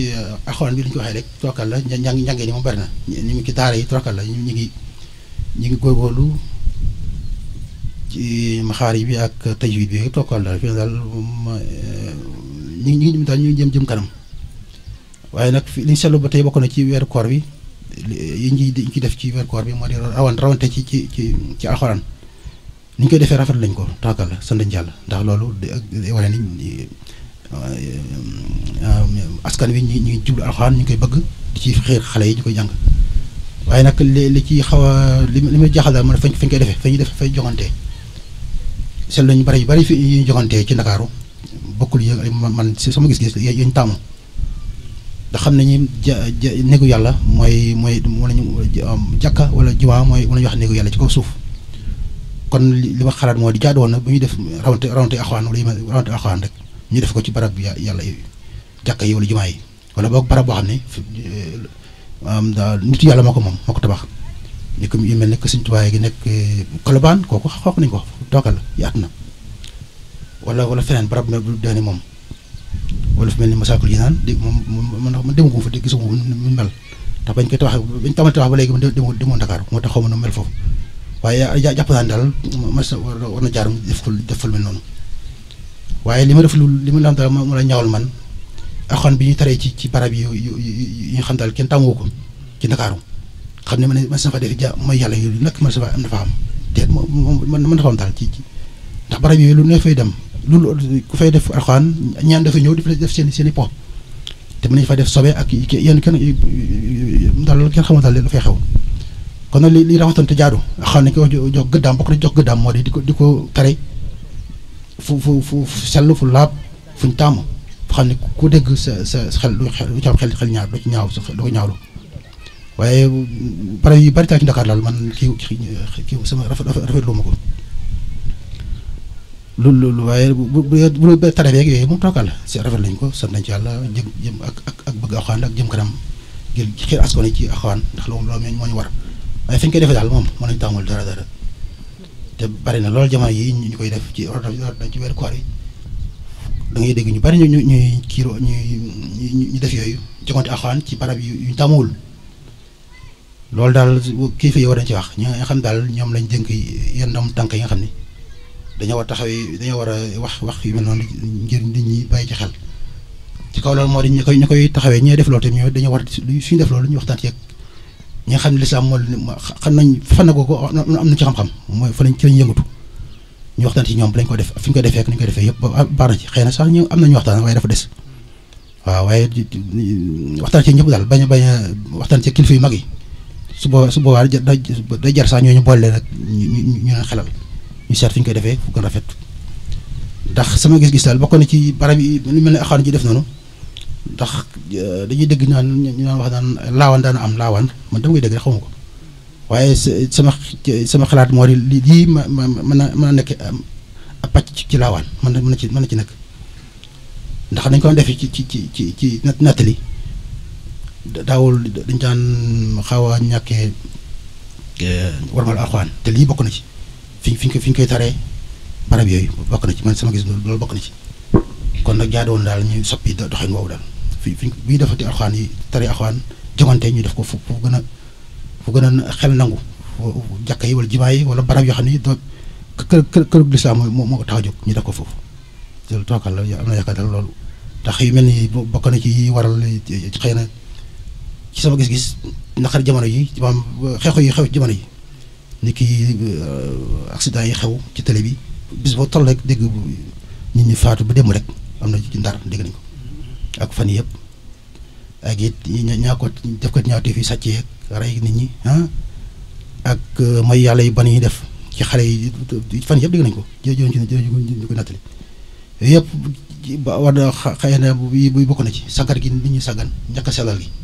Euh, axoon bi li ñu ko waxee rek tokkal la njàng njàngee ni ñu ngi ci daara yi tokkal la ñu ngi ñu ngi góorgóorlu ci maxaari bi ak tajwid bi tokkal la fi na daal euh, ñu ngi ñu jëm jëm kanam waaye nag fi liñ seetlu ba tey bokk na ci weer koor bi yi ñuy ci def ci weeru koor bi moo di rawante ci ci ci ci alxuraan koy defee rafet lañ ko tokkal la sant nañ ndax loolu ak wane ni Euh, euh, askan wi ñu ngi jublu alxuraan ñu koy bëgg di ci xeer xale yi ñu koy jàng waaye nag li li ci xaw a li li ma jaaxal daal man fañ fañ koy defee fa ñuy def fay joŋante seen lañu bari yu bari fi ñuy joŋante ci Ndakaaru bokkul yëg man si sama gis-gis yéen taamu ndax xam nañu ja ja néegu yàlla mooy mooy wala ñu um, jàkka wala jumaa mooy wala ñu wax néegu yàlla ci ko suuf kon li ma xalaat moo di jaadoon na bu ñu def rawante rawante axwaan wala rawante axwaan rek. ñu def ko ci barab yàlla jàkka yi wala jumaa yi wala boog barab boo xam ne eh, nitu yàlla moo ko moom moo ko tabax ni ko yu mel ne que Sëñ Tuubaa gi nekk Colobane eh, kooku xoox nañ ko toogal yaatu na wala wala feneen barab bu dee ne moom wala fi mel ni Massalikul Jinaan dégg moom man man demagu fa dégg gisuma mu mel ndax bañ koy tabax bañ tàmbali tabax ba léegi man demoo demoo Dakar moo tax xaw ma nu mel foofu waaye jàpp naa ne daal mas war na jaar def ko def fa lu mel waaye li ma def lu li ma la am daal moo la ñawal man axoon bi ñu taree ci ci barab yu ñu xam daal kenn tàmmoo ko ci Ndakaaru xam ne man man sa fa ja mooy yàlla yooyu nag man sa fa am dafa am te moom man dafa am daal ci ci ndax barab yooyu ne fay dem lu ku fay def alxuraan ñaan dafa ñëw di def seen seen i po te mën nañu fa def sobe ak yenn kenn daal loolu kenn xamul leen dafay xew kon nag li li rawatina te jaadu xam ne ko jox gëddaam bokk na jox gëddaam moo di di ko di ko tare fu fu fu sell fu laab fuñ tàmm fu xam ne ku dégg sa sa xel lu ci am xel xel ñaar doo ci ñaaw sa doo ko ñaawlu waaye pare yu bari taa ci Dakar daal man kii sama rafet rafetlu ma ko loolu waaye bu bu bu bu taree beeg yooyu moom toogal si rafet lañ ko sant nañ ci yàlla jëm jëm ak ak ak bëgg axwaan ak jëm kanam ngir xiir askan ci axwaan ndax loolu loolu moo ñu war waaye fi ñu koy defee daal moom mën nañu tàmmul dara dara. te bari na loolu jamono yi ñu koy def ci ci weeru koor yi dangay dégg ñu bari ñu ñu ñuy kiiro ñu def yooyu joxante alxuraan ci barab yu ñu tàmmuwul loolu daal kii fi war nañ ci wax ñi nga xam daal ñoom lañ jënk yenn ndam tànk yi nga xam ni dañoo war taxaw dañoo war a wax wax yu mel noonu ngir ñu ñi bàyyi ci xel ci kaw loolu moo di ñu koy ñu koy taxawee ñee def loolu tamit ñoo dañoo war ñi nga xam ne lislaam moo xam nañ fan na ko ko am na ci xam-xam mooy fa lañ ci lañ yëngatu ñu waxtaan ci ñoom lañ ko def fi ñu ko defee ak ñu defee yëpp baax na ci xëy na sax ñu am nañu waxtaan waaye dafa des waaw waaye waxtaan ci ñëpp daal bañ a bañ a ci kilifa yu mag yi su boobaa su boobaa day jar sax ñooñu boole leen ak ñu ñu leen xelal ñu seet fi ñu koy defee fu gën rafet ndax sama gis-gis daal bokk na ci barab yi lu mel ne axaan ci def noonu ndax euh, dañuy dégg naan ñu naan wax naan laawaan daanu am laawaan man dama koy dégg rek xamu ko waaye sama sama xalaat moo di lii ma ma mën a mën a nekk ab pàcc ci laawaan mën na mën ci mën na ci nekk ndax dañ ko defee ci ci ci ci ci nattali daawul dañ daan xaw a ñàkkee euh, warmal alxuraan te lii bokk na ci fi fi ñu koy fi koy taree barab yooyu bokk na ci man sama gis loolu bokk na ci kon nag jaadoon daal ñuy soppi doxin woowu daal. fi fi bu ñu defati alxuraan yi tari ñu def ko fu fu gën a fu gën a xel nangu jàkka yi wala jimaa yi wala barab yoo xam ne doo kër kër kër lislaam moo moo tax a jóg ñu def ko foofu loolu tookal la am na yaakaar daal loolu tax yu mel ni bokk na ci waral xëy na ci sama gis-gis naqar jamono yi maam xeexu yi xew jamono yi nit ki euh, accident yi xew ci télé bi bis boo toll rek dégg ñu ñi faatu ba dem rek am na ci ndar dégg nañ ko ak fan yëpp ak it ñaa ko def ko ñaawte fi sàcc yeeg rey nit ñi ah ak may yàlla yu ban yi def ci xale yi fan yëpp dégg nañ ko jërëjëf ñu ko nattali yooyu yëpp war na xëy na bu bokk na ci sagar gi nit ñi sàggan ñàkk a sellal gi.